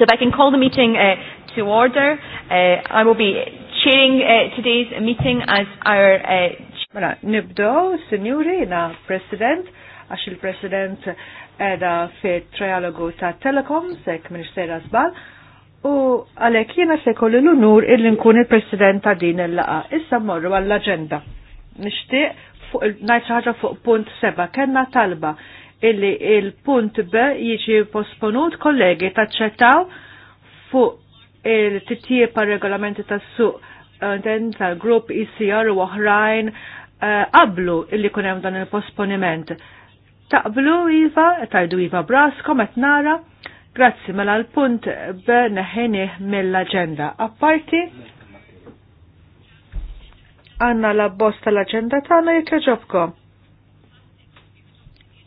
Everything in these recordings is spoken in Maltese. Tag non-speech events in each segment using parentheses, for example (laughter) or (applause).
So if I can call the meeting uh, to order, uh, I will be chairing uh, today's meeting as our... Uh, mela, uh, nibdow, signori, na president, għax il-president edha fi trialogu ta' Telekom, sek Minister Zbal, u għalek jena se kollu l-unur il-nkun il-president ta' din il-laqa. Issa morru għall-agenda. Nishtiq, najtraħġa ħaġa fuq punt seba, kena talba illi il-punt B jiġi posponut kollegi taċċettaw fuq il-titjib par regolamenti tas-suq eh, tal-grupp ICR e u oħrajn eh, qablu illi kunem dan il-posponiment. Taqblu Iva, tajdu Iva Braskom, et nara, grazzi mela l-punt B neħenih mill-agenda. Apparti, għanna la bosta l-agenda tagħna jekk ġobkom.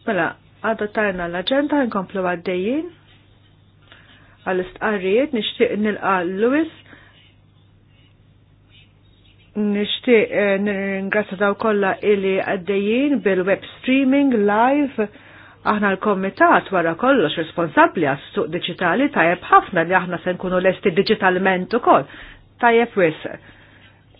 Mela, adottajna l-agenda nkomplu għaddejjin għal-istqarrijiet nixtieq nilqa Lewis nixtieq eh, nirringrazzja daw kollha illi għaddejjin bil-web streaming live aħna l-komitat wara kollox responsabbli għas suq diġitali tajjeb ħafna li aħna se nkunu lesti diġitalment ukoll tajjeb wisq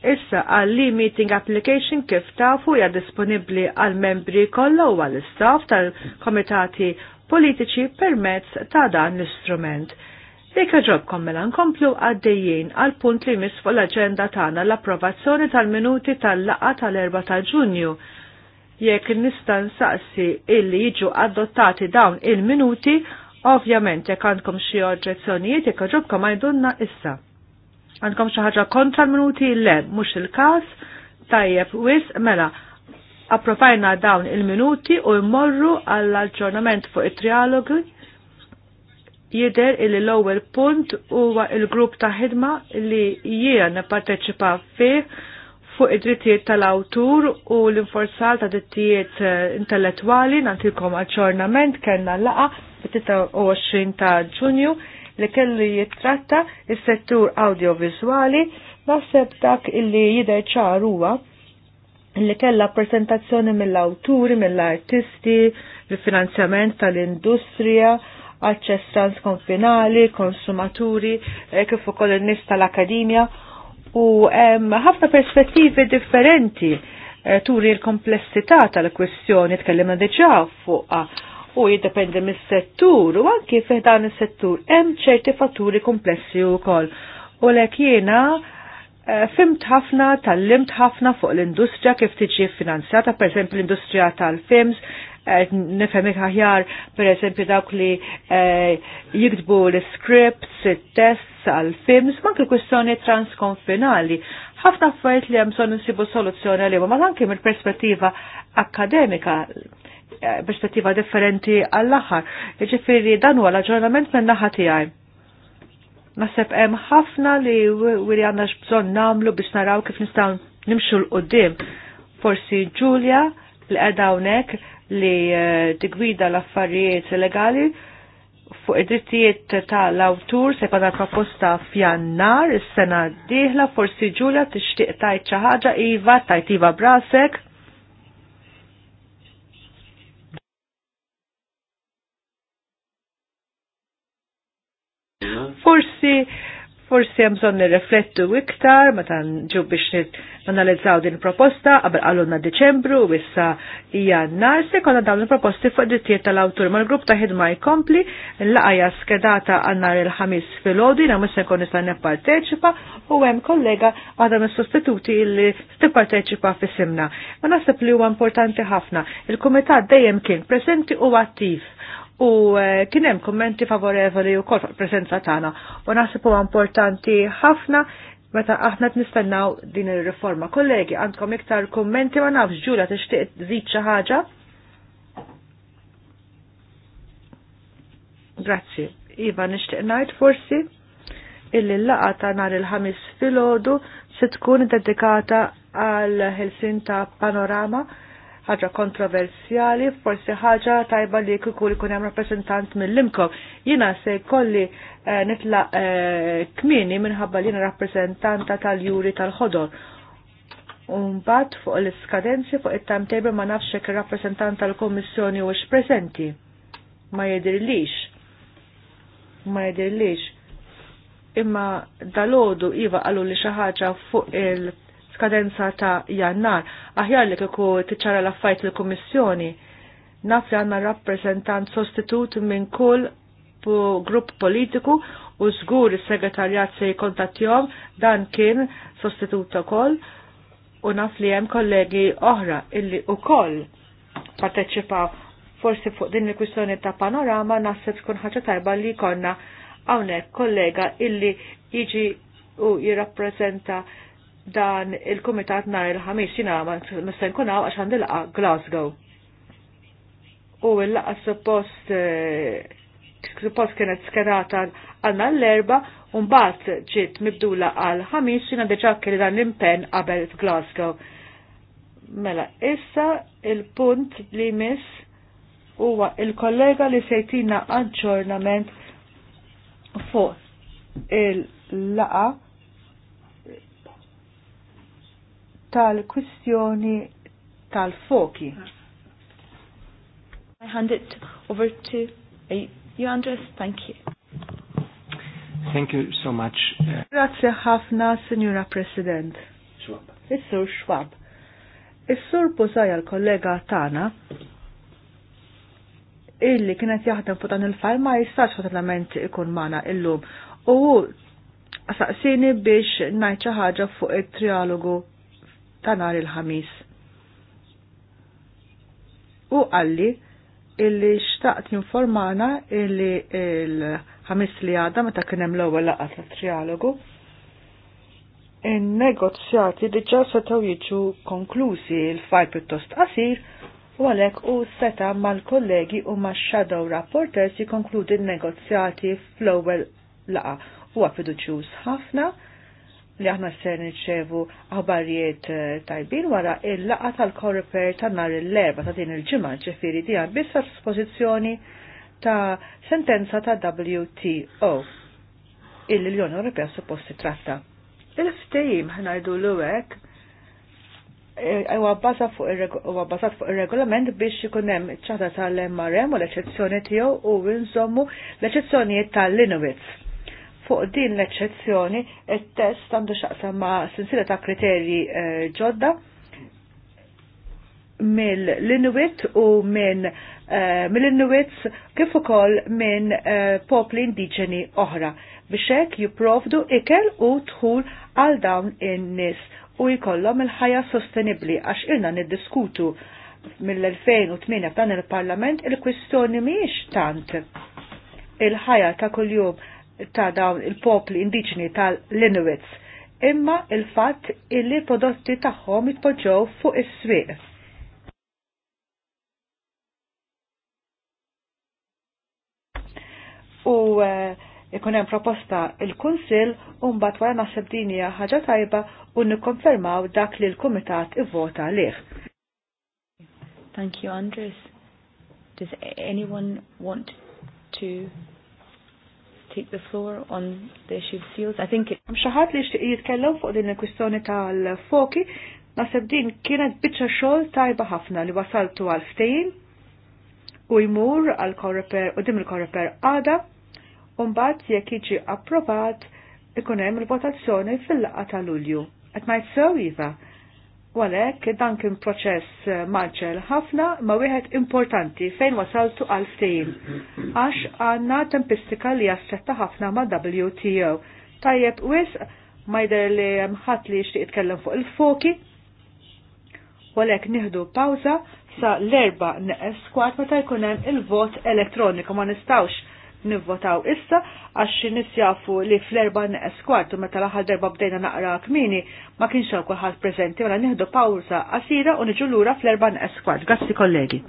Issa għal e meeting application kif tafu hija disponibbli għal membri kollha u għall istaff tal-komitati politiċi permezz ta' dan l-istrument. Jekk ġobkom mela nkomplu għaddejjin għal punt li mis fuq l-aġenda tagħna l-approvazzjoni tal-minuti tal-laqa tal-4 ta' Ġunju. Jekk nista' nsaqsi illi jiġu adottati dawn il-minuti, ovvjament jekk għandkom xi oġġezzjonijiet jekk ġobkom għajdunna issa. Għandkom xi ħaġa kontra l-minuti? Le, mhux il-każ. Tajjeb, wis, mela, approvajna dawn il-minuti u jmorru għall-aġġornament fuq it-trialogu jider il l-ewwel punt huwa il-grupp ta' ħidma li jiena nipparteċipa fih fuq id-drittijiet tal-awtur u l-inforzal ta' drittijiet eh, intellettwali nagħtilkom aġġornament kellna laqa fit-23 ta' Ġunju li kellu jittratta is-settur audiovizwali naħseb dak illi jidher ċar huwa li kella presentazzjoni mill-awturi, mill-artisti, il-finanzjament tal-industrija, aċċess transkonfinali, konsumaturi, eh, kif ukoll in-nies tal-akademja u ħafna perspettivi differenti eh, turi l-komplessità tal-kwestjoni tkellimna diġà fuqha u jiddependi mis-settur u anki fih dan is-settur hemm ċerti fatturi komplessi wkoll. U lek jiena eh, fimt ħafna, tal-limt ħafna fuq l-industrija kif tiġi finanzjata, per esempio l-industrija tal-films, eh, nifhem aħjar per esempio dawk li eh, jiktbu l-scripts, it-tests għal-films, ma kwistjoni transkonfinali. Ħafna affarijiet li hemm nsibu insibu soluzzjoni għalihom, ma anke mill-perspettiva akademika Eh, perspettiva differenti għall-aħħar. Ġifieri dan huwa l-aġġornament minn naħa tiegħi. Naħseb hemm ħafna li wiri għandna x'bżonn nagħmlu biex naraw kif nistgħu nimxu l qudiem Forsi Ġulja li qeda hawnhekk li eh, tigwida l-affarijiet legali fuq id-drittijiet tal-awtur se jkollha proposta f'jannar is-sena d-dieħla forsi Ġulja tixtieq tajt xi ħaġa iva tajt iva brasek Forsi forsi hemm bżonn nirriflettu iktar meta nġu biex nanalizzaw din proposta qabel qalulna Deċembru u issa jannar se konna dawn il-proposti fuq drittijiet tal-awtur mal-grupp ta' ħidma jkompli laqgħa skedata għannar il-ħamis fil jiena mhux se nkun nista' nipparteċipa u hemm kollega għadha mis-sostituti li tipparteċipa fis-simna. Ma naħseb li huwa importanti ħafna. Il-kumitat dejjem kien preżenti u attiv u eh, kien hemm kummenti favorevoli wkoll fuq preżenza tagħna u naħseb huwa importanti ħafna meta aħna nistennaw din ir-riforma. Kollegi, għandkom iktar kummenti ma nafx ġula tixtieq tżid xi ħaġa? Grazzi. Iva nixtieq ngħid forsi illi l-laqa ta' nhar il-ħamis filgħodu se tkun dedikata għal ħelsin ta' panorama ħaġa kontroversjali, forsi ħaġa tajba li kiku ikun hemm rappresentant mill-imkom. Jina se kolli eh, nitla eh, kmini minħabba li jina rappresentanta tal-juri tal-ħodor. Umbat fuq l-skadenzi fuq it-timetable ma nafx jekk rappresentant tal komissjoni u prezenti. Ma jidirlix. Ma jidirlix imma dalodu iva għallu li xaħġa fuq il skadenza ta' jannar. Aħjar li kiku tiċara l l komissjoni Naf li għanna rappresentant sostitut minn kull grupp politiku u zgur il-segretarjat se jikontattjom dan kien sostitut ukoll u naf li hemm kollegi oħra illi ukoll parteċipaw forsi fuq din il-kwistjoni ta' panorama naħseb tkun ħaġa tajba li konna hawnhekk kollega illi jiġi u jirrappreżenta dan il-Kumitat nhar il-ħamis jina ma se nkun hawn għax għandilqa Glasgow. U l-laqgħa suppost eh, suppost kienet skerata għandna l-erba u mbagħad ġiet mibdula għal ħamis jina diġà kelli dan l-impenn qabel f'Glasgow. Mela, issa il-punt li mis huwa il-kollega li sejtina aġġornament fuq il-laqa tal-kwistjoni tal-foki. I hand it over to you, Andres. Thank you. Thank you so much. Uh, Grazie ħafna, Signora President. Schwab. Is-Sur Schwab. Is-Sur Bozaja l-kollega tana illi kienet jaħdem fuq dan il-fajl ma jistax fatalament ikun mana illum. U saqsini biex najċa ħaġa fuq it-trialogu ta' nar il-ħamis. U għalli illi xtaqt informana illi il-ħamis li għadha meta kien hemm l-ewwel laqgħa tat-trialogu in-negozjati diġà setgħu jiġu konklużi l-fajl pittost qasir u għalhekk u seta' mal-kollegi u max-shadow rapporters jikonkludi n-negozjati fl-ewwel laqa. Huwa fiduċjuż ħafna li aħna ser niċċevu aħbarijiet eh, tajbin wara il-laqa tal-korriper ta' nar l-erba ta' din il-ġimgħa ġifieri dija bissa dispożizzjoni ta' sentenza ta' WTO Il l-Unjoni Ewropea suppost titratta. Il-ftehim ħnajdu l hekk huwa bbażat fuq ir-regolament biex ikun hemm ċata tal-MRM u l-eċezzjoni tiegħu u nżommu l-eċezzjonijiet tal-Inuits Fuq din l-eċċezzjoni, il-test għandu xaqsam ma' sinsila ta' kriterji eh, ġodda mill-Inuit u minn eh, mill-Inuits kif ukoll minn eh, popli indiġeni oħra biex hekk jipprovdu ikel u tħul għal dawn in-nies u jkollhom il-ħajja sostenibbli għax ilna niddiskutu mill-2008 f'dan il-Parlament il-kwistjoni mhijiex tant il-ħajja ta' kuljum ta' dawn il-popli indiġni tal-Inuits, imma il-fatt illi prodotti tagħhom jitpoġġew fuq is-swieq. U eh, ikun hemm proposta il-Kunsill u mbagħad wara naħseb din hija ħaġa tajba u nikkonfermaw dak li l-Kumitat ivvota għalih. Thank you, Andres. Does anyone want to take the floor on the issue of seals. I think it... shahat li jitkellem fuq din il-kwistjoni tal-foki, nasib din kienet bicċa xol tajba ħafna li wasaltu għal-ftejn u jmur għal-korreper u dim il-korreper għada, un-bat jek iġi approvat ikunem il-votazzjoni fil-laqqa tal-ulju. Għet ma jitsew jiva Walek, dan kien proċess eh, maġġel ħafna ma wieħed importanti fejn wasaltu għal ftehim. Għax għandna tempistika li jassetta ħafna ma' WTO. Tajjeb wis ma jidher li ħadd li jixtieq jitkellem fuq il-foki. U għalhekk nieħdu pawża sa l-erba' neqes kwart meta jkun hemm il-vot elettroniku ma nistgħux nivvotaw issa għax nis jafu li fl-erba neqes kwartu meta l-aħħar darba bdejna naqra kmini ma kienx hawn kulħadd preżenti wara mela nieħdu pawza qasira u niġu lura fl-erba neqes kwart. Grazzi kollegi.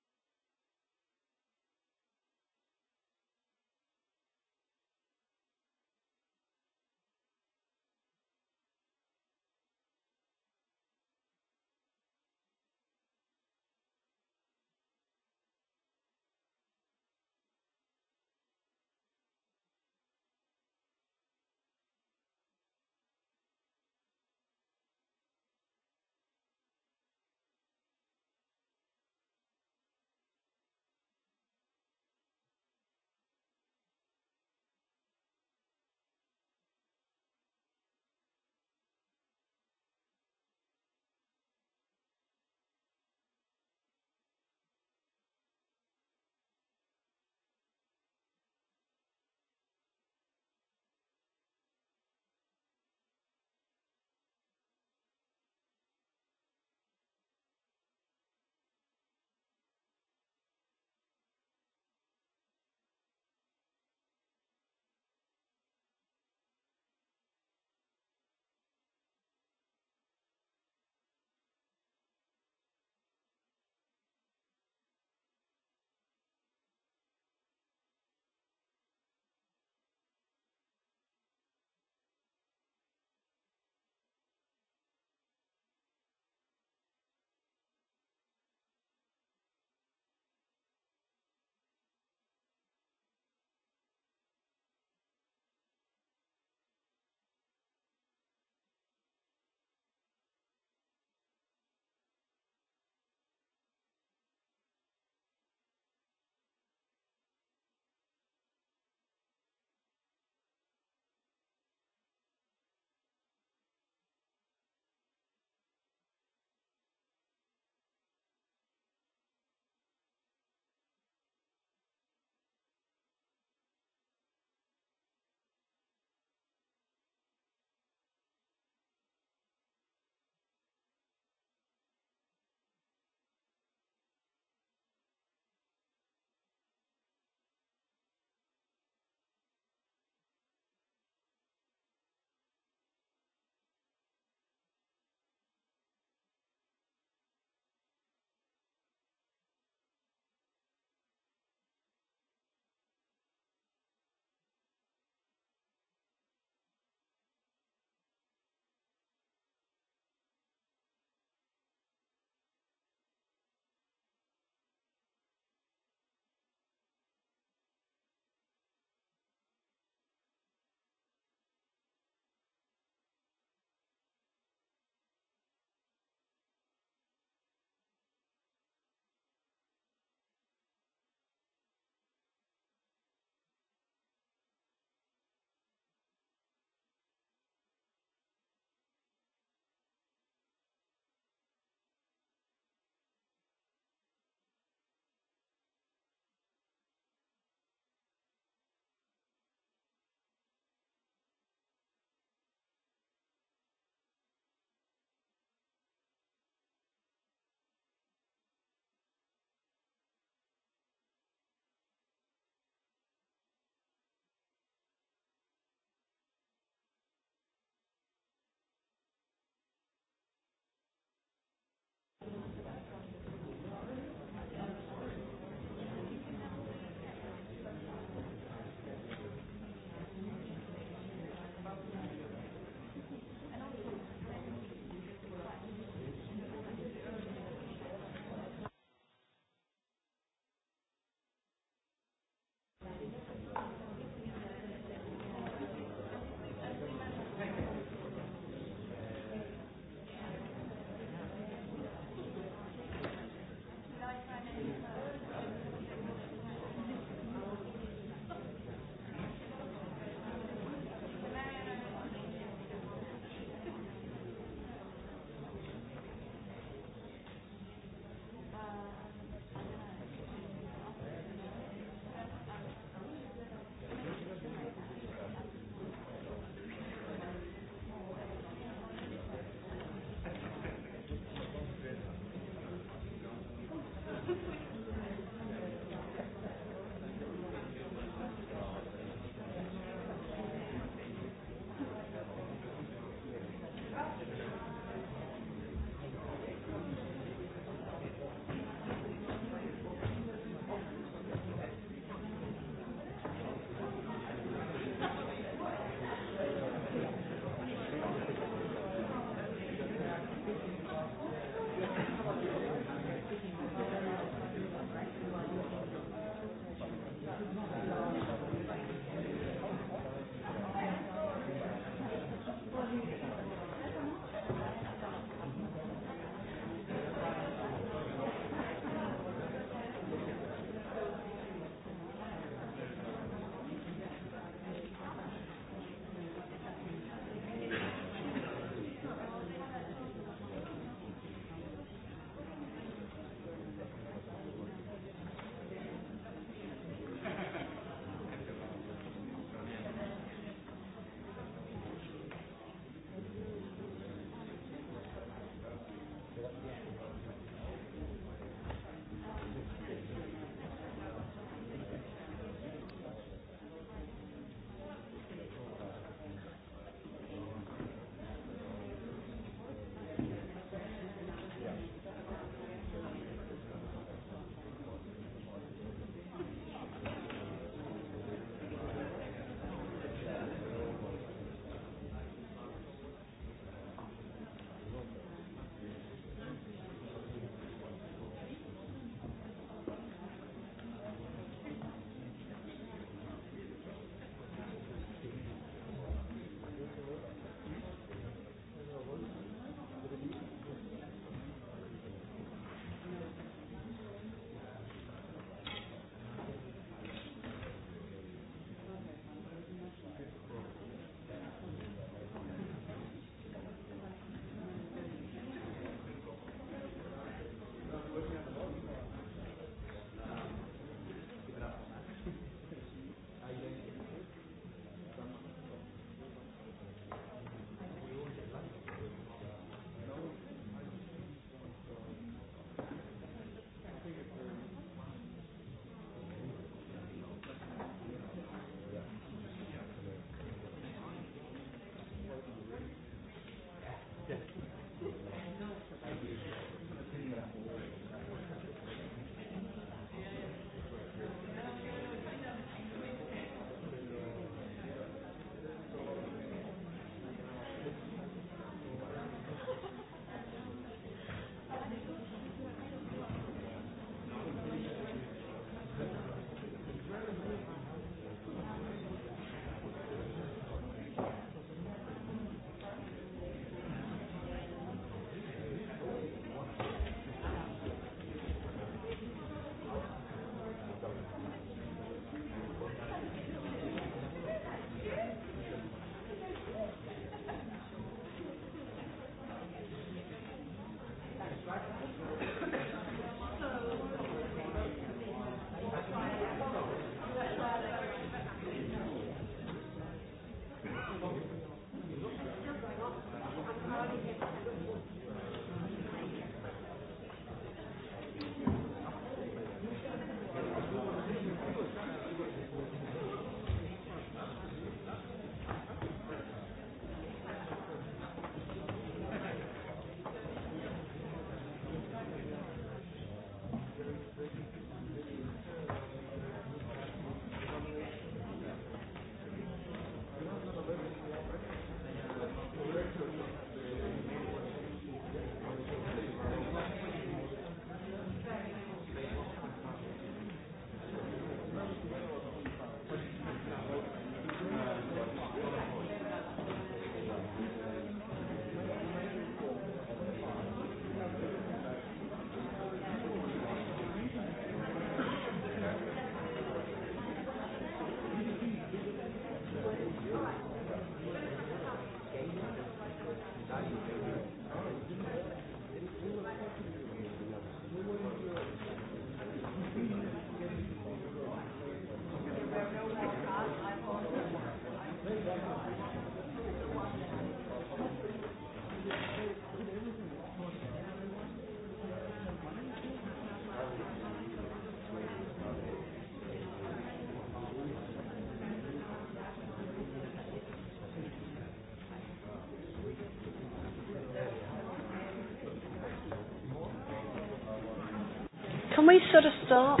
start?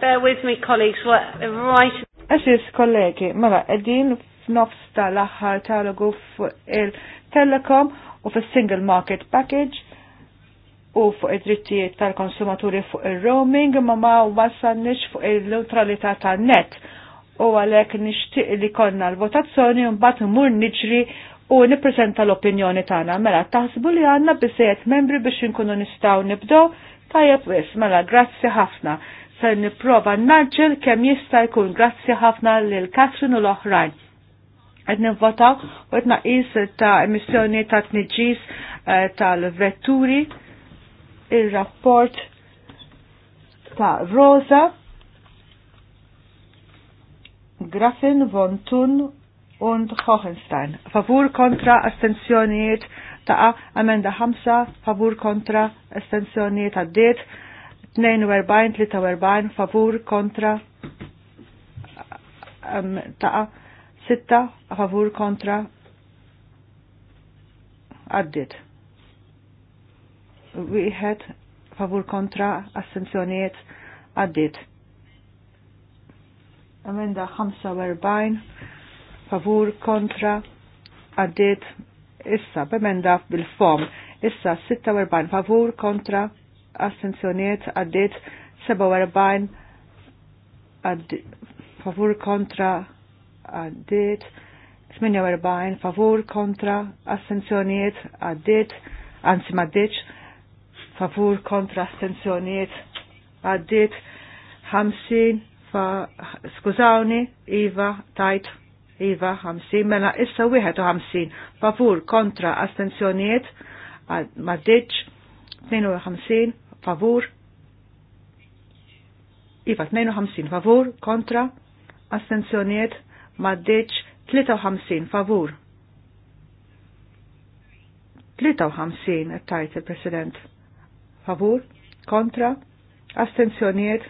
Bear with me, colleagues. We're right. Esis, kollegi, mela, edin f'nofs tal-aħħar talogu fuq il-telekom u fil-single market package u fuq id-drittijiet tal-konsumaturi fuq il-roaming ma ma wasalniex fuq il-neutralità tal-net u għalek nishtiq li konna l-votazzjoni un bat mur niġri u niprezenta l-opinjoni tagħna. Mela taħsbu li għandna bisejet membri biex inkunu nistgħu nibdew tajjeb wis, mela grazzi ħafna. Se nipprova narġel kemm jista' jkun grazzi ħafna lil Katrin u l-oħrajn. Qed nivvotaw u għedna naqis ta' emissjoni ta' tniġġis eh, tal-vetturi ir-rapport ta' Rosa Graffin, Von Thun und Hohenstein. Favur kontra astenzjoniet ta' amenda 5, favur kontra ta' det 42, 43, favur kontra ta' 6, favur kontra għaddiet. Wieħed favur kontra astenzjoniet għaddiet. Amenda 45 favur kontra addit, issa b'emenda bil-fom. Issa 46 favur kontra astenzjoniet għaddiet 47 favur kontra addit, 48 favur kontra astenzjoniet għaddiet anzi maddiċ favur kontra astenzjoniet addit, 50 fa skużawni, Iva, tajt, Iva, 50, mela issa 51, favur kontra astenzjoniet, maddiċ, 52, favur, Iva, 52, favur, kontra, astenzjoniet, maddiċ, 53, favur. 53, tajt il-President. Favur, kontra, astenzjoniet,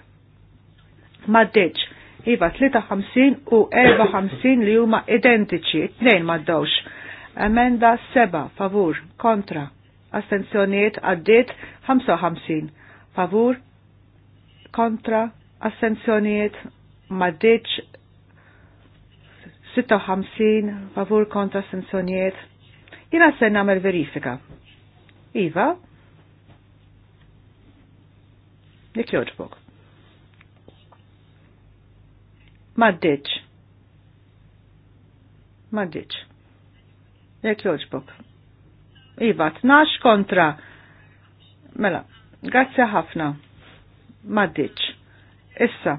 maddeċ. Iva 53 u 54 li huma identiċi, tnejn maddawx. Emenda 7 favur kontra. Astenzjoniet għaddit 55 favur kontra. Astenzjoniet maddeċ 56 favur kontra astenzjoniet. Jina sen namel verifika. Iva, Nik joġbok. Maddiċ. Maddiċ. Jek joġbok. Iva, tnax kontra. Mela, għazja ħafna. Maddiċ. Issa.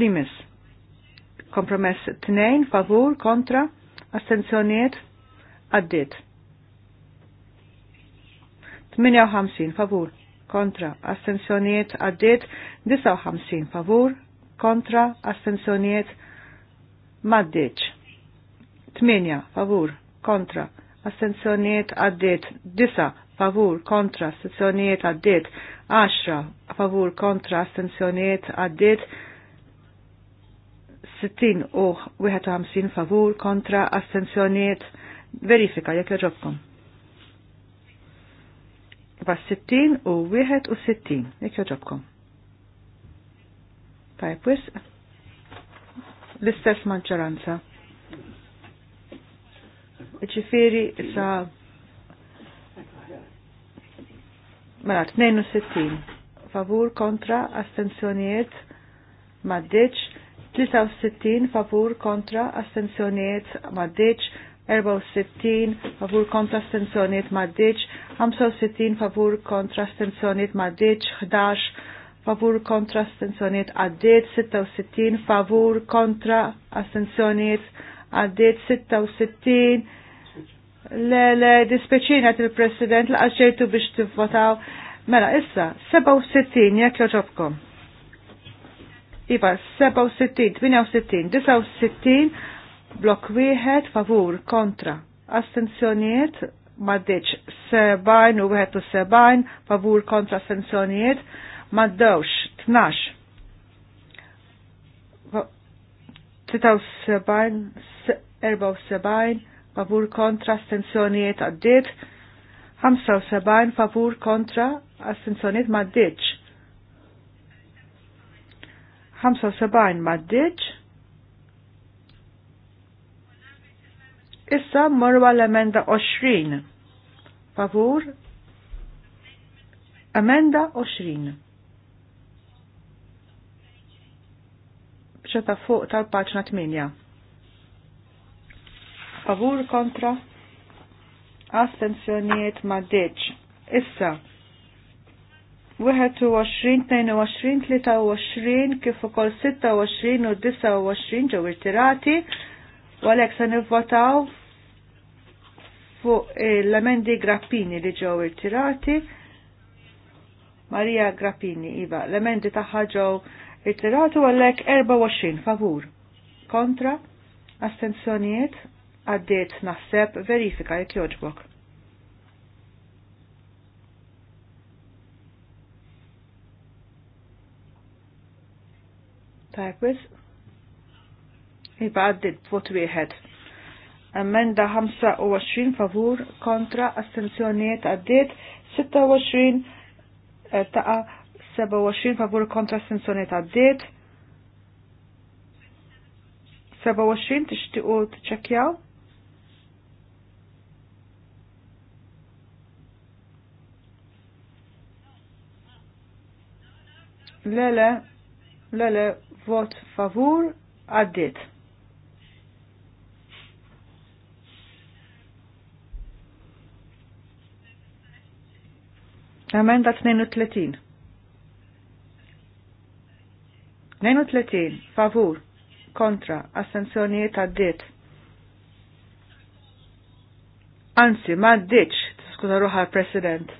Limis. Kompromess t-nejn, favur, kontra, astenzjoniet, għaddit. 58 favur, kontra, astenzjoniet, għaddit, 59 favur, kontra astensjonijiet maddeċ. 8 favur kontra astensjonijiet għaddiet 9 favur kontra astensjonijiet għaddiet 10 favur kontra astensjonijiet għaddiet 60 u 51 favur kontra astensjoniet verifika jekk joġobkom. Bas 60 u 61 jekk joġobkom. Tajpwis, l-istess maġġoranza. Ġifiri sa mela 62 favur kontra astensjonijiet maddeċ 63 favur kontra astensjonijiet maddeċ 64 favur kontra astensjonijiet maddeċ 65 favur kontra astensjonijiet maddeċ 11 favur kontra astensjoniet għaddiet 66 favur kontra astensjoniet għaddiet 66 le le dispeċina il-president l-għaxġejtu biex t-votaw. mela issa 67 jek joġobkom Iva 67, 68, 69 blok wieħed favur kontra astensjoniet maddeċ 70 u 71 favur kontra astensjoniet maddewx 12 74 favur kontra astenzjonijiet għaddit 75 favur kontra astenzjonijiet maddiċ 75 maddiċ Issa morru għall-emenda 20. Favur? Emenda 20. ta' fuq tal-paċna 8. Favur kontra astenzjonijiet ma deċ. Issa, 21, 22, 23 kif ukoll 26 u 29 ġew irtirati u għalhekk se nivvotaw fuq l-emendi Grappini li ġew irtirati. Marija Grappini, iva, l-emendi tagħha ġew it-tiratu għallek 24 favur. Kontra, astenzjoniet, għaddiet naħseb verifika jek joġbok. Tajkwis, jibba għaddiet vot wieħed. Emenda 25 favur kontra astenzjoniet għaddiet 26 eh, ta' 27 favur kontra sinsoni ta' d-diet. 27 t-ixti tixtiqu t-ċekjaw. Lele, lele, vot favur, għaddit. Emenda 32. 32 favur kontra assenzjonijiet għaddit. Anzi, ma t-skuta ruħa president.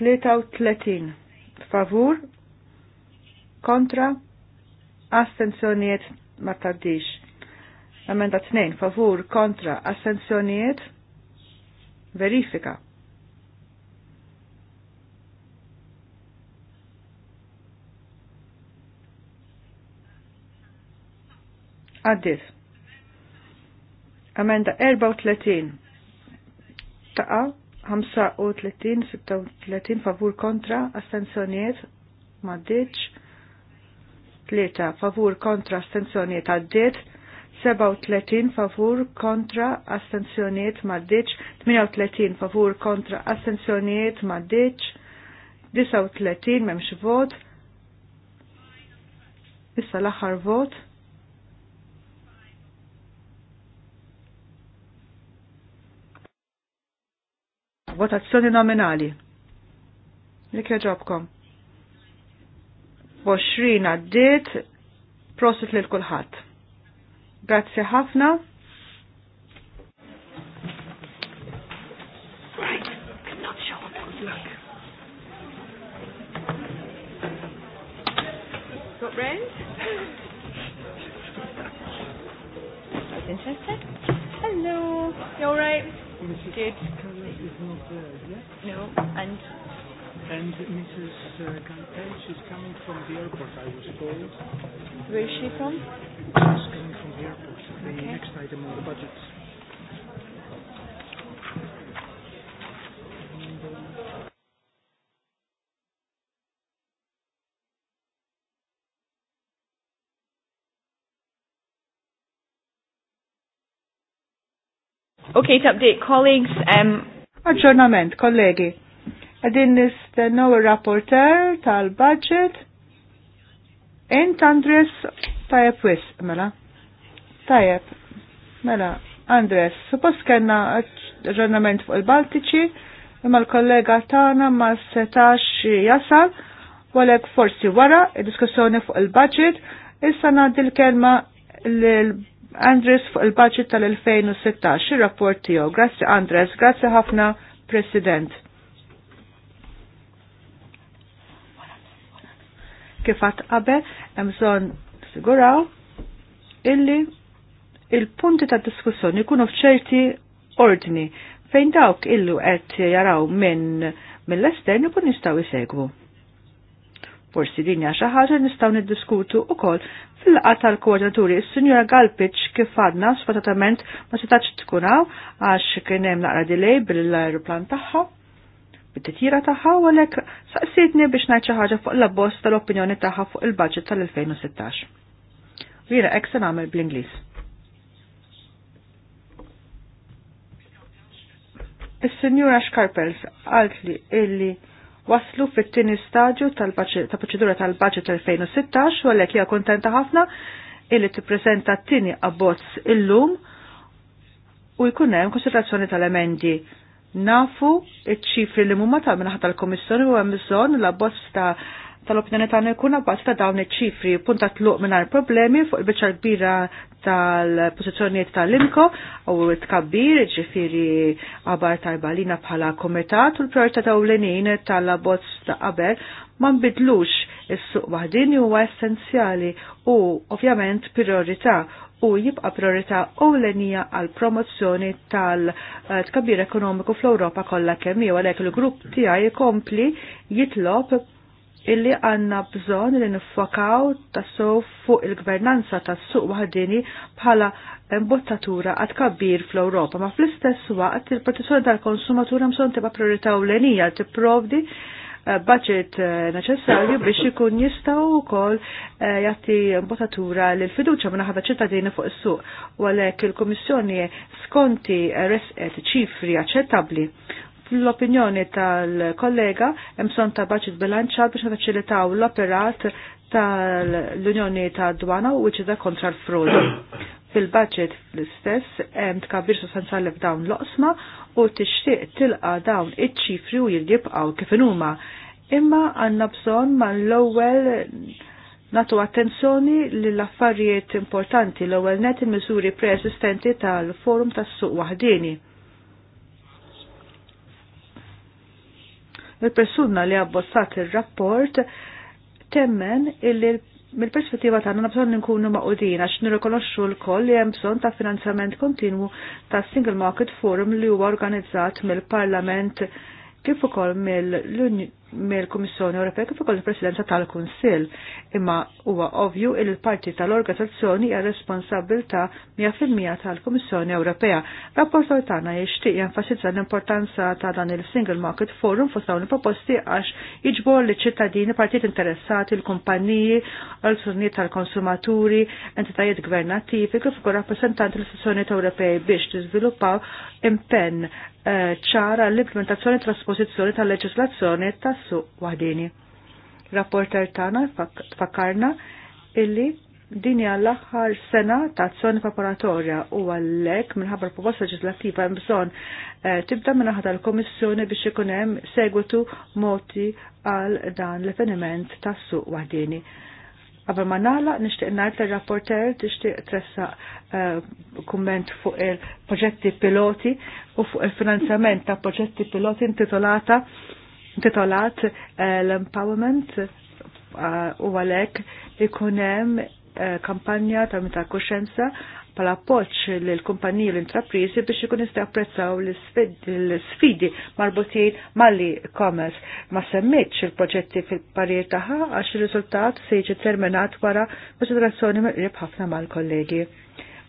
33 favur kontra assenzjonijiet ma taddix. Amenda 2 favur kontra assenzjonijiet? verifika. Għaddis. Amenda 34. Taqa 35, 36 favur kontra, astensjoniet, maddiċ. 3 favur kontra, astensjoniet, għaddit. 37 favur kontra astensjoniet maddiċ, 38 favur kontra astensjoniet maddiċ, 39 memx vot, issa l-axar vot, votazzjoni nominali. Jek jaġobkom. 20 għaddit, prosit lil kulħat Grazie ħafna. Got Hello, you alright? Mrs. Did. is not yet. No, and... And Mrs. Uh, Gantel, she's coming from the airport, I was told. Where is she from? She's coming from the airport, the okay. next item on the budget. Okay, to update colleagues. Um... Aġġornament, kollegi. Għadin nistennu il-rapporter tal-budget. Int Andres tajab wis, mela. Tajab, mela. Andres, suppost kena aġġornament fuq il-Baltiċi, imma l-kollega tana ma setax jasal, għalek forsi wara, il-diskussjoni fuq il-budget, issa naddi l-kelma l Andres fuq il-budget tal-2016, il-rapport tiegħu. Grazzi Andres, grazzi ħafna President. Kif għabe, jemżon hemm siguraw illi il-punti ta' diskussjoni jkunu f'ċerti ordni fejn dawk illu qed jaraw minn mill-estern ikun nistgħu jsegwu. Forsi din hija xi ħaġa nistgħu niddiskutu wkoll Fil-laqa tal-koordinaturi, s-Sinjora Galpic kif għadna sfatatament ma setax tkunaw għax kien hemm naqra delay bil-aeroplan tagħha bit-titjira tagħha u għalhekk saqsitni biex ngħid xi ħaġa fuq l-abbozz tal-opinjoni tagħha fuq il-budget tal-2016. Vira hekk se nagħmel bl-Ingliż. Is-Sinjura Skarpels għalt li illi waslu fit-tieni stadju tal-proċedura tal-budget 2016 u għalhekk hija kuntenta ħafna illi tippreżenta t-tieni abbozz illum u jkun hemm konsiderazzjoni tal-emendi. Nafu iċ-ċifri li mumma tal minnaħat tal-Komissjoni u hemm bżonn l-abbozz ta' tal-opinjoni tagħna jkun abbażi ta' dawn iċ-ċifri punta tluq mingħajr problemi fuq il-biċċa kbira tal-pożizzjonijiet tal-imko u tkabbir ġifiri qabar tajba bħala komitat u l prorita ta' ewlenin tal-abbozz ta' qabel ma nbidlux is-suq waħdin huwa essenzjali u ovvjament priorità u jibqa priorità ewlenija għal promozzjoni tal-tkabbir eh, ekonomiku fl-Ewropa kollha kemm jew għalhekk il-grupp tiegħi kompli jitlob illi għanna bżon li nifwakaw tassow fuq il-gvernanza tas-suq waħdini bħala imbottatura għad kabbir fl-Europa. Ma fl-istess waqt il-protezzjoni tal-konsumatura mson tibqa' priorità ewlenija tipprovdi eh, budget eh, neċessarju biex ikun jistaw kol eh, jagħti imbotatura l fiduċa minn ħadha ċittadini fuq is-suq u għalhekk il-Kummissjoni skonti resqet ċifri aċċettabbli Fl-opinjoni tal-kollega hemm bżonn ta' baċit bilanċat biex nafaċilitaw l-operat tal-Unjoni ta' Dwana u ċida kontra l-frodi. Fil-budget l-istess hemm tkabbir sostanzjali f'dawn l-oqsma u tixtieq tilqa' dawn iċ-ċifri u jibqgħu kif huma. Imma għandna bżonn mal-ewwel natu attenzjoni lill-affarijiet importanti l-ewwel net il-miżuri preesistenti tal-forum tas-suq wahdini. il persuna li abbozzat il-rapport temmen illi mill-perspettiva tagħna nabżon nkunu maqudina għax nirrikonoxxu l-koll li hemm bżonn ta' finanzjament kontinwu ta' Single Market Forum li huwa organizzat mill-Parlament kif ukoll mill-Unjoni mill-Kummissjoni Ewropea kif ukoll il-Presidenza tal-Kunsill, imma huwa ovvju il parti tal-organizzazzjoni hija responsabilità 100% tal-Kummissjoni Ewropea. Rapport tagħna jixtieq jenfasizza l-importanza ta' dan il-Single Market Forum fost dawn il-proposti għax jiġbor li ċittadini partit interessati, l-kumpaniji, l-sunniet tal-konsumaturi, entitajiet gvernattivi kif ukoll rappresentanti l-istituzzjonijiet Ewropej biex tiżviluppaw impenn eh, ċara l-implementazzjoni e trasposizzjoni tal-leġislazzjoni tas tas wahdini. Rapporter tagħna tfakkarna illi din hija l-aħħar sena ta' azzjoni preparatorja u għalhekk minħabba proposta leġislattiva hemm bżonn eh, tibda minn aħda komissjoni biex ikun hemm segwitu moti għal dan l eveniment tas-suq waħdini. Qabel ma nagħlaq nixtieq ngħid l rapporter tixtieq tressaq eh, kumment fuq il-proġetti piloti u fuq il-finanzjament ta' proġetti piloti intitolata intitolat eh, l-empowerment eh, u għalek ikunem eh, kampanja ta' meta kuxenza pala appoċ l-kumpanija l-intraprizi biex ikun istapprezzaw l-sfidi marbutin malli li commerce. Ma semmitx il-proġetti fil-parir taħħa għax il-rizultat se jiġi terminat wara konsiderazzjoni meqrib ħafna mal-kollegi.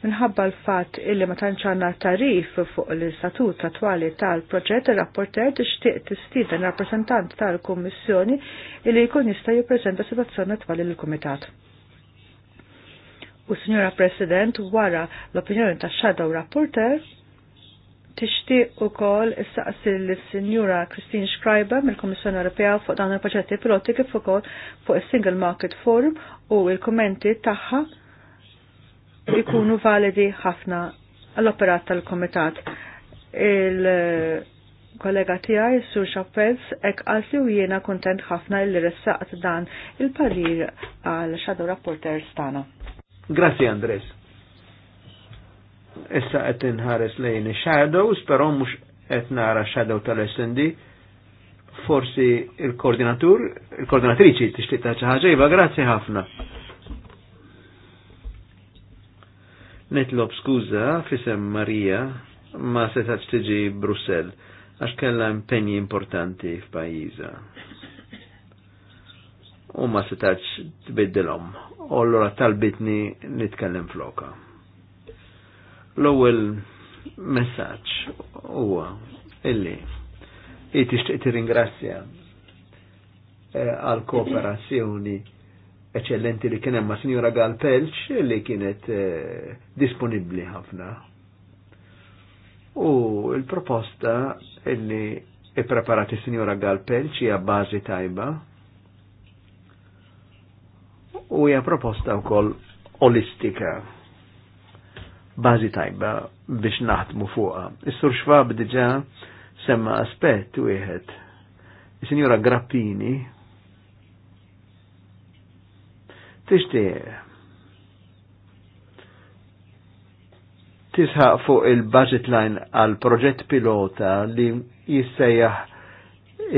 Minħabba l-fat illi ma tanċana tarif fuq l-istatut attuali tal-proġett, il-rapporter tixtieq tistieden rappresentant tal-Kummissjoni illi jkun jista' jippreżenta situazzjoni attuali lill-Kumitat. U Sinjora President, wara l-opinjoni ta' Shadow Rapporter, tixtieq ukoll is-saqsi lis-Sinjura Christine Schreiber mill-Kummissjoni Ewropea fuq dawn il-proġetti piloti kif ukoll fuq is-Single Market Forum u l-kummenti tagħha ikunu validi ħafna għall-operat tal-komitat. Il-kollega tijaj, Sur Xappez, ek għalsi u jiena kontent ħafna il ressaqt dan il-parir għal Shadow Rapporter stana. Grazie, Andres. Issa qed inħares lejn shadows, però mhux qed nara shadow tal-SND. Forsi il-koordinatur, il-koordinatriċi tixtieq ta' xi ħaġa, iva, grazzi ħafna. Nitlob skuza fisem Marija ma setax tiġi Brussell għax kellha impenji importanti f'pajjiża. U ma setax tbiddilhom. U allura talbitni nitkellem floka. L-ewwel messaġġ huwa illi i tixtieq tirringrazzja eh, għal kooperazzjoni eccellenti li kienem ma' Signora Gal Pelċ li kienet eh, disponibli ħafna. U il-proposta illi i-preparati Signora Gal Pelċ hija bażi tajba u hija proposta wkoll olistika bażi tajba biex naħdmu fuqha. Is-Sur Schwab diġà semma aspett wieħed. is sinjura Grappini tixtieq tisħaq fuq il-budget line għal proġett pilota li jissejjaħ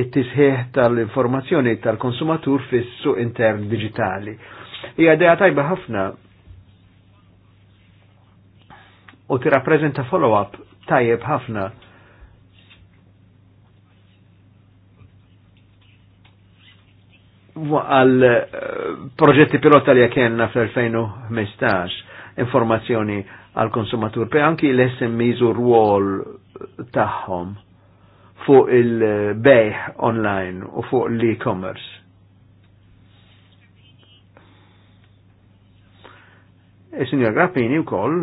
it-tisħiħ tal-informazzjoni tal-konsumatur fis-suq intern digitali. Hija dejja tajba ħafna u tirrappreżenta follow-up tajjeb ħafna għal eh, proġetti pilota li għakienna fl-2015 informazzjoni għal konsumatur pe anki l-SMIs u rwol taħħom fuq il-bejħ online u fuq l-e-commerce. Il-Signor e, Grappini u koll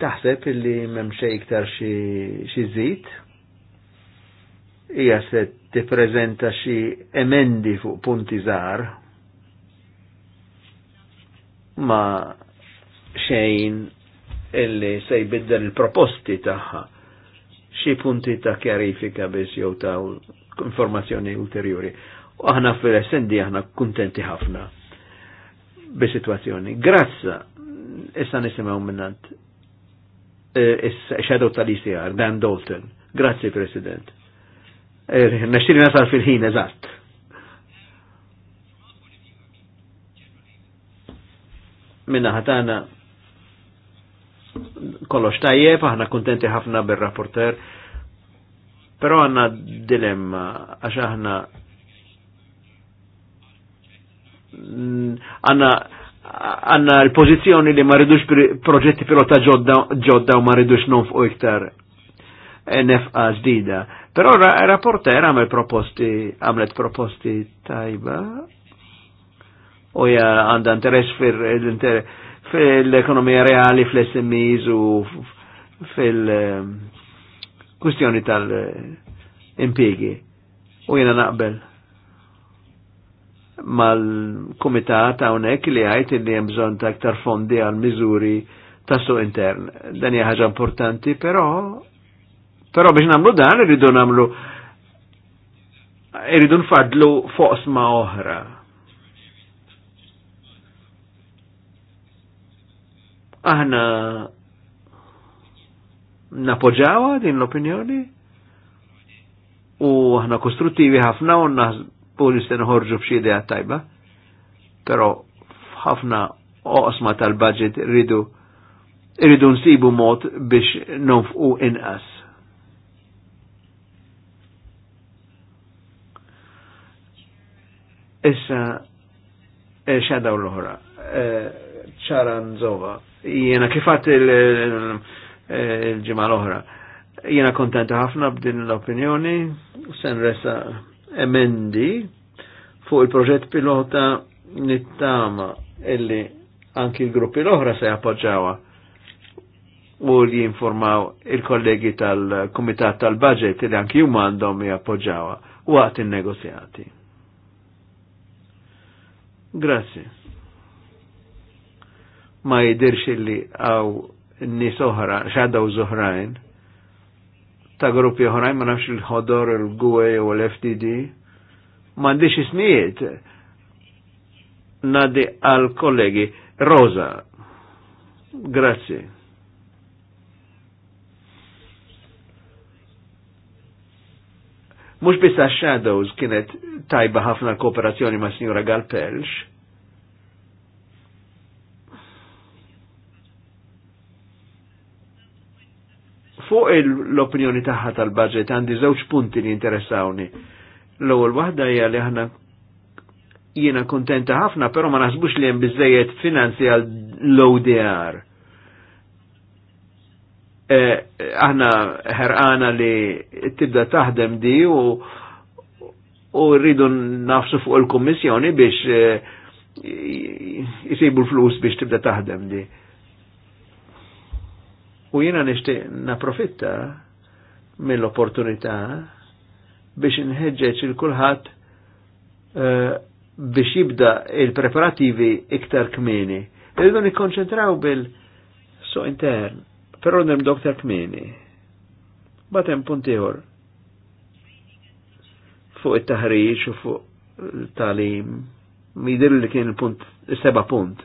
taħseb illi memxej iktar xie zit hija se tippreżenta xi emendi fuq punti żgħar ma xejn illi se jbiddel il-proposti tagħha xi punti ta' kjarifika biss jew ta' informazzjoni ulterjuri. U aħna fil-essendi aħna kuntenti ħafna bi-situazzjoni. Grazza, issa nisimaw minnant e, eh, shadow tal-ICR, Dan Dalton. Grazzi, President. Eh, Naxtiri nasar fil-ħin, eżatt. Minna ħatana kollox tajjeb, aħna kontenti ħafna bil-rapporter, pero għanna dilemma, għax aħna għanna għanna l-pozizjoni li ma ridux proġetti pilota ġodda, ġodda u ma ridux non fuq iktar nefqa ġdida Però rapporter me proposti, amlet proposti tajba O ja and interess fil-ekonomija -inter, reali, fl smes u fil-kustjoni ehm, tal-impiegi. U jena naqbel mal-komitat hawnhekk li għajt li hemm ta' aktar fondi għal misuri ta' intern. Dan hija importanti, però Però biex namlu dan irridu namlu irridu nfadlu foqsma oħra. Aħna napoġawa din l-opinjoni u aħna kostruttivi ħafna u naħsbu polisten ħorġu bċi ideja tajba. Però ħafna oqsma tal-budget irridu irridu nsibu mod biex nonfqu inqas Issa, e, xadaw l-ohra, e, ċaranzova, jena kifat e, il-ġimma l-ohra, jena kontenta ħafna b'din l-opinjoni, sen resa emendi fuq il-proġett pilota nittama illi anki l-gruppi l-ohra se appoġġawa u li informaw il-kollegi tal-Komitat tal-Budget li anki jum għandhom jappoġġawa waqt il-negozjati. Grazie. Ma jidirx li għaw nis oħra, xadaw zoħrajn, ta' gruppi oħrajn ma nafx il-ħodor, il-gwe u l-FTD, ma ndix ismijiet. Nadi għal kollegi, Rosa, grazie. Mux bissa Shadows kienet tajba ħafna kooperazzjoni ma' Signora Galpelx. Fuq l-opinjoni taħħa tal-budget għandi żewġ punti li interessawni. L-ewwel waħda hija li aħna jiena kontenta ħafna, però ma naħsbux li hemm biżejjed finanzi għal l-ODR Eh, aħna ħerqana li tibda taħdem di u u rridu nafsu fuq il-kommissjoni biex eh, jisibu l-flus biex tibda taħdem di. U jina nishtiq naprofitta mill-opportunità biex nħedġeċ il-kulħat eh, biex jibda il-preparativi iktar kmini. Rridu nikkonċentraw bil-so intern Però nem doktar kmini. Batem puntiħor. Fuq it-taħriġ u fuq il-talim. Midir li kien il-punt, il-seba punt.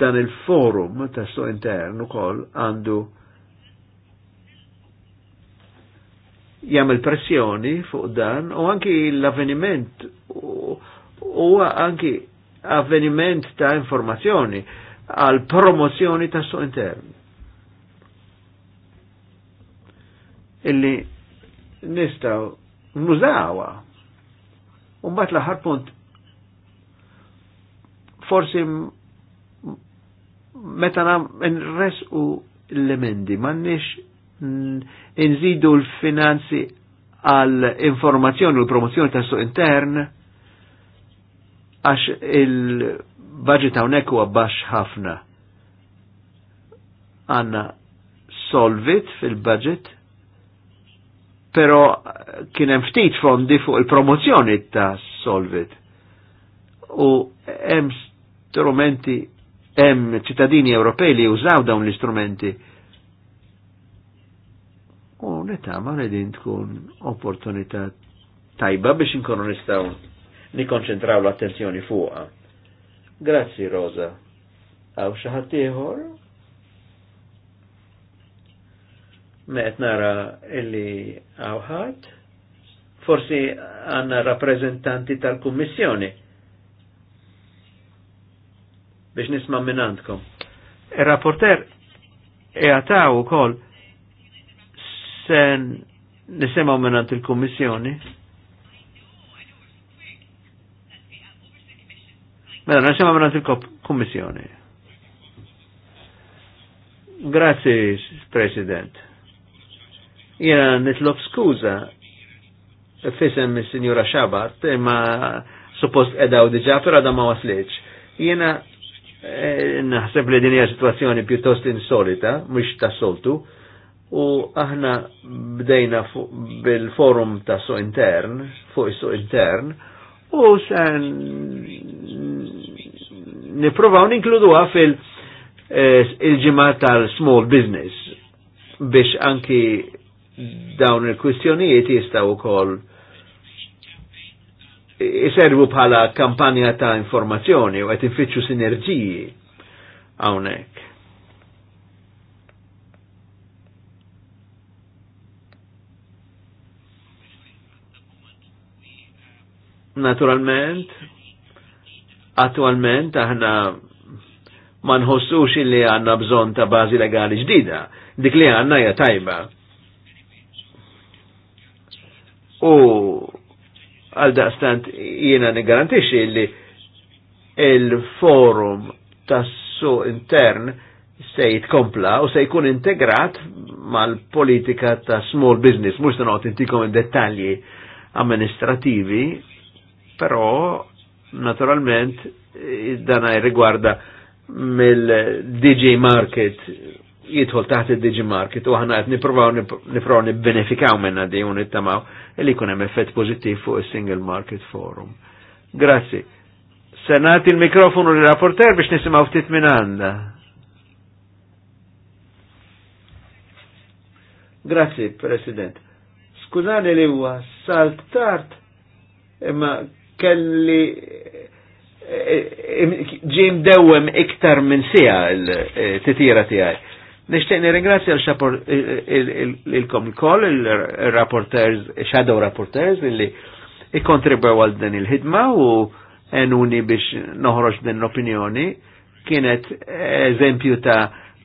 Dan il-forum ta' so internu kol għandu jagħmel pressjoni fuq dan u anki l-avveniment u anki avveniment ta' informazzjoni għal promozzjoni ta' su intern. Illi nistaw nużawa. Umbat laħar punt forsi meta nres u l-emendi, mannix nżidu l-finanzi għal informazzjoni u l-promozzjoni ta' su intern, għax il-budget hawnhekk huwa baxx ħafna. Għanna solvit fil-budget, pero kien hemm ftit fondi fuq il-promozzjoni ta' solvit. U hemm strumenti, hemm ċittadini Ewropej li użaw dawn l-istrumenti. U netama ma' tkun opportunità tajba biex inkonu nistaw konċentraw l-attenzjoni fuqa. Grazzi Rosa. Għaw xaħat ieħor? Met nara illi għawħat? Forsi għanna rappresentanti tal-Kummissjoni biex nisma minnantkom. Il-rapporter jgħataw u kol sen nisimaw minnant il-Kummissjoni. Mela, nasimaw minnant il-kommissjoni. Grazie, President. Jena nitlob skuza fisem il Signora Xabat, ma suppost edaw diġa, pero da ma waslitx. Jena eh, naħseb li dinja situazzjoni pjuttost insolita, mux ta' soltu, u aħna bdejna bil-forum ta' so intern, fuq so intern, u sen niprovaw ninkluduha fil- eh, il-ġimgħa tal-small business biex anki dawn il-kwistjonijiet jistgħu wkoll iservu bħala kampanja ta' informazzjoni u qed infittxu sinerġiji hawnhekk. Naturalment, attualment aħna ma nħossux li għanna bżon ta' bażi legali ġdida, dik li għanna hija tajba. U għal daqstant jiena niggarantixxi li il-forum tas-su intern se jitkompla u se jkun integrat mal-politika ta' small business, mux ta' not intikom dettalji amministrativi, però Naturalment, dana rigwarda mill-DG Market, jidħol taħt il-DG Market, u ħana għet niprofaw niprofaw nibbenefikaw minna di un it-tamaw, li kunem effett pozittiv fuq il-Single Market Forum. Grazzi. Senat il-mikrofonu li rapporter biex nisimaw ftit minn għanda. Grazzi, President. Skużani li huwa salt tart imma kelli eh, eh, ġim dewem iktar minn sija l-titira tijaj. Nishtiqni ringrazzja l-kom il-koll, il-rapporters, shadow rapporters, illi kontribu għal din il-ħidma u enuni biex noħroġ din l-opinjoni. Kienet eżempju ta'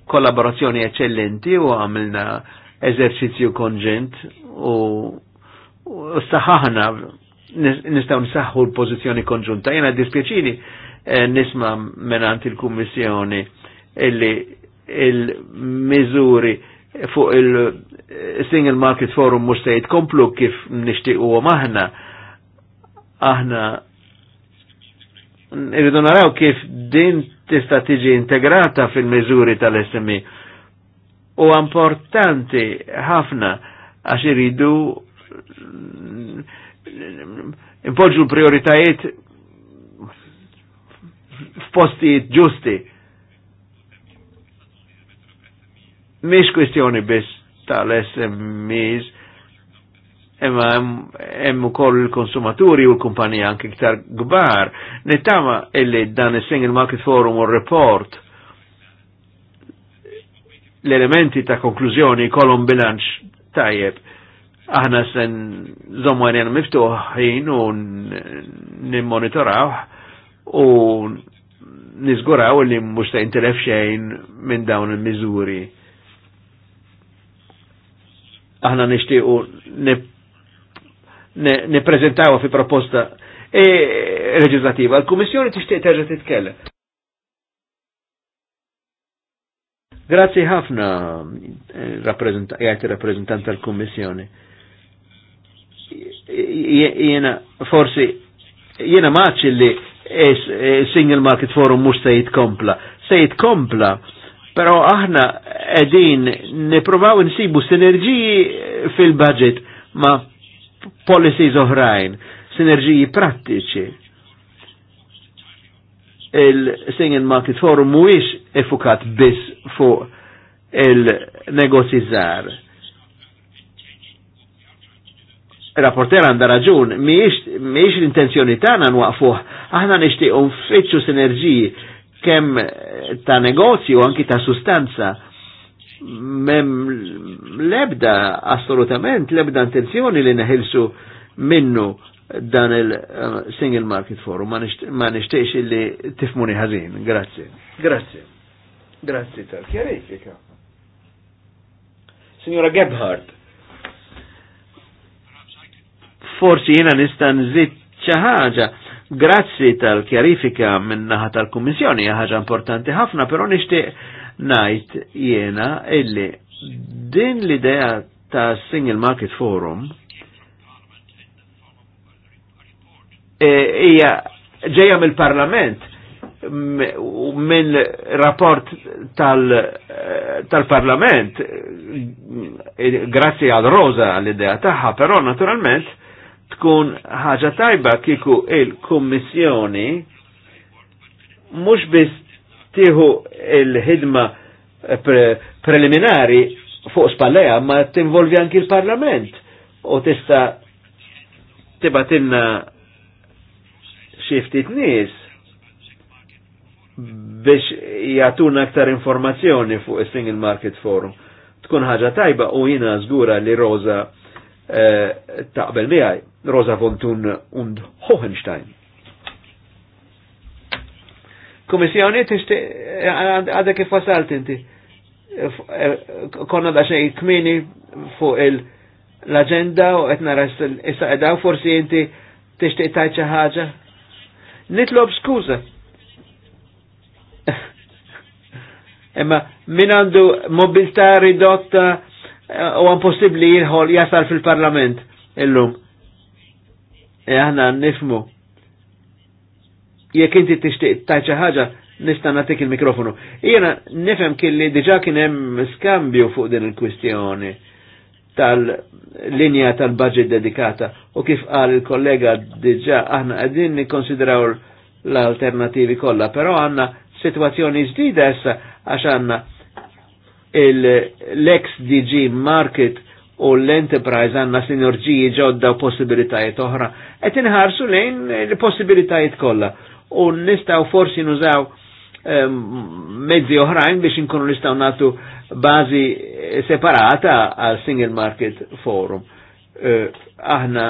kollaborazzjoni eccellenti u għamilna eżerċizzju konġent u, u saħħaħna nistaw nsaħħu l-pozizjoni konġunta. Jena dispieċini eh, nisma menant il-Kummissjoni illi il-mizuri fuq il-Single eh, Market Forum mux se jitkomplu kif nishtiqu maħna. Aħna irridu naraw kif din tista' tiġi integrata fil-miżuri tal-SMI. E. U importanti ħafna għax iridu infoġu prioritajiet f'postijiet ġusti. Miex kwestjoni biss tal-SMEs, imma hemm ukoll il-konsumaturi u l-kumpanija anke iktar kbar. Nittama illi dan is-Single Market Forum u report l-elementi ta' konklużjoni kolom bilanċ tajjeb aħna sen zommu għanjan miftuħin u nimmonitoraw u nizguraw li mux ta' intilef xejn minn dawn il-mizuri. Aħna u niprezentaw fi proposta e legislativa. L-Kummissjoni tixtieq terġa' titkellem. Grazzi ħafna, eh, jgħajt rappresentant tal-Kummissjoni jena forsi jena maċ li Single Market Forum mux se jitkompla. Se jitkompla, pero aħna edin niprovaw nsibu sinerġiji fil-budget ma policies oħrajn, sinerġiji prattiċi. Il-Single Market Forum mhuwiex effukat biss fuq il-negozizzar rapporter għanda raġun, miex l-intenzjoni tana nwaqfuh, aħna un fitxu sinerġiji kemm ta' negozju anki ta' sustanza mem lebda assolutament lebda intenzjoni li neħilsu minnu dan il-Single eh, Market Forum ma nixtieqx li tifmuni ħażin. Grazzi. Grazzi. Grazzi tal kjerifika Signora Gebhardt forsi jena nista' zitt xi Grazzi tal-kjarifika minnaħa naħa tal-Kummissjoni hija ħaġa importanti ħafna, però nixtieq ngħid jiena illi din l-idea ta' Single Market Forum e, hija e, ġejja mill-Parlament minn rapport tal-Parlament tal e, grazzi għal Rosa l-idea tagħha, però naturalment tkun ħaġa tajba kiku il-Kummissjoni mhux biss tieħu il-ħidma eh, pre preliminari fuq spalleja ma tinvolvi anki il-Parlament u tista' tibatinna xi ftit nies biex jatuna aktar informazzjoni fuq is-Single Market Forum. Tkun ħaġa tajba u jina żgura li Rosa Eh, taqbel miħaj Rosa von Thun und Hohenstein. Komissjoni tisti għadha kif wasalt inti. Eh, konna da xej kmini fuq l-agenda u qed nara issa qedaw forsi inti tixtieq tajt xi ħaġa. Nitlob skuża. Imma (laughs) min għandu mobilità ridotta Eh, u għan possibli jirħol jasal fil-parlament illum. Eh, aħna nifmu. Jek inti tixtieq tajċa ħaġa, nista' nagħtik il-mikrofonu. Jiena nifhem kelli diġa' kien hemm skambju fuq din il-kwistjoni tal-linja tal-budget dedikata u kif qal il-kollega diġà aħna qegħdin nikkonsidraw l-alternativi kollha, però għandna sitwazzjoni ġdida issa għax għandna l-ex DG Market u l-Enterprise għanna sinerġiji ġodda u possibilitajiet oħra. Et inħarsu lejn l-possibilitajiet kolla. u nistaw forsi nużaw ehm, mezzi oħrajn biex inkunu nistaw natu bazi separata għal Single Market Forum. E, aħna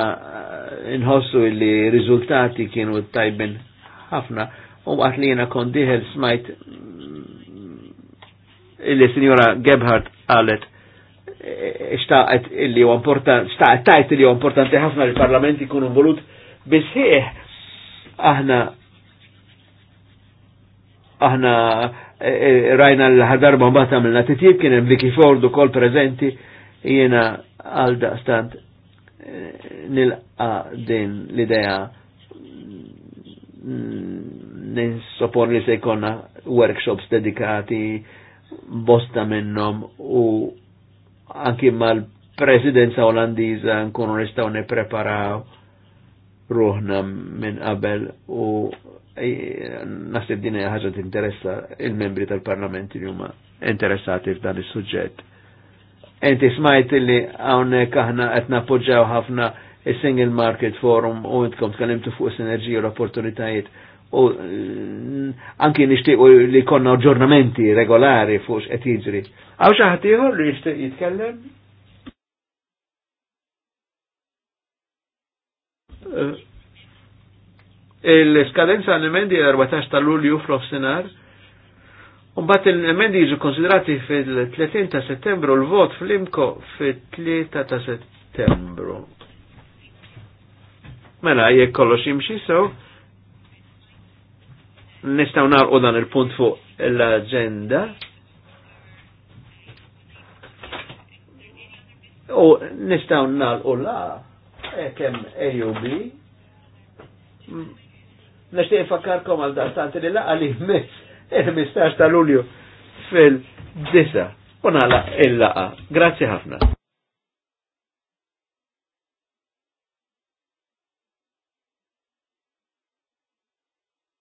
nħossu li rizultati kienu tajben ħafna u għatlina kondiħel smajt li sinjora Gebhardt għalet xtaqet li u importanti, xtaqet tajt li u importanti ħafna li parlament ikun involut bisħieħ aħna aħna rajna l-ħadarba mbata mill titjib kien Vicky Ford u kol prezenti għalda stant nil nilqa din l-idea n li se jkonna workshops dedikati bosta minnom u anki mal-presidenza olandiza nkunu nistaw nipreparaw ruħna minn qabel u e, nasib dinja ħaġa t-interessa il-membri tal-parlament li huma interessati f'dan is-suġġett. Enti smajt li hawnhekk aħna qed nappoġġjaw ħafna is-Single Market Forum u intkom tkellimtu fuq sinerġija u l-opportunitajiet u eh, anki nishtiq li konna ġornamenti regolari fuq qed jiġri. Għaw xaħat ieħor li jishtiq jitkellem? Eh, il-skadenza għall-emendi 14 ta' Lulju fl-Ofsenar, Umbat il-emendi jiġu konsiderati fil-30 ta' settembru, l-vot fl-imko fil-3 ta' settembru. Mela, jek kollox jimxi sew. So nistaw narqu dan il-punt fuq l-agenda. U nistaw narqu la ekem AUB. Nishtiq fakkarkom għal darstanti li laqa li mis, il-15 ta' lulju fil-disa. Unala il-laqa. Grazie ħafna.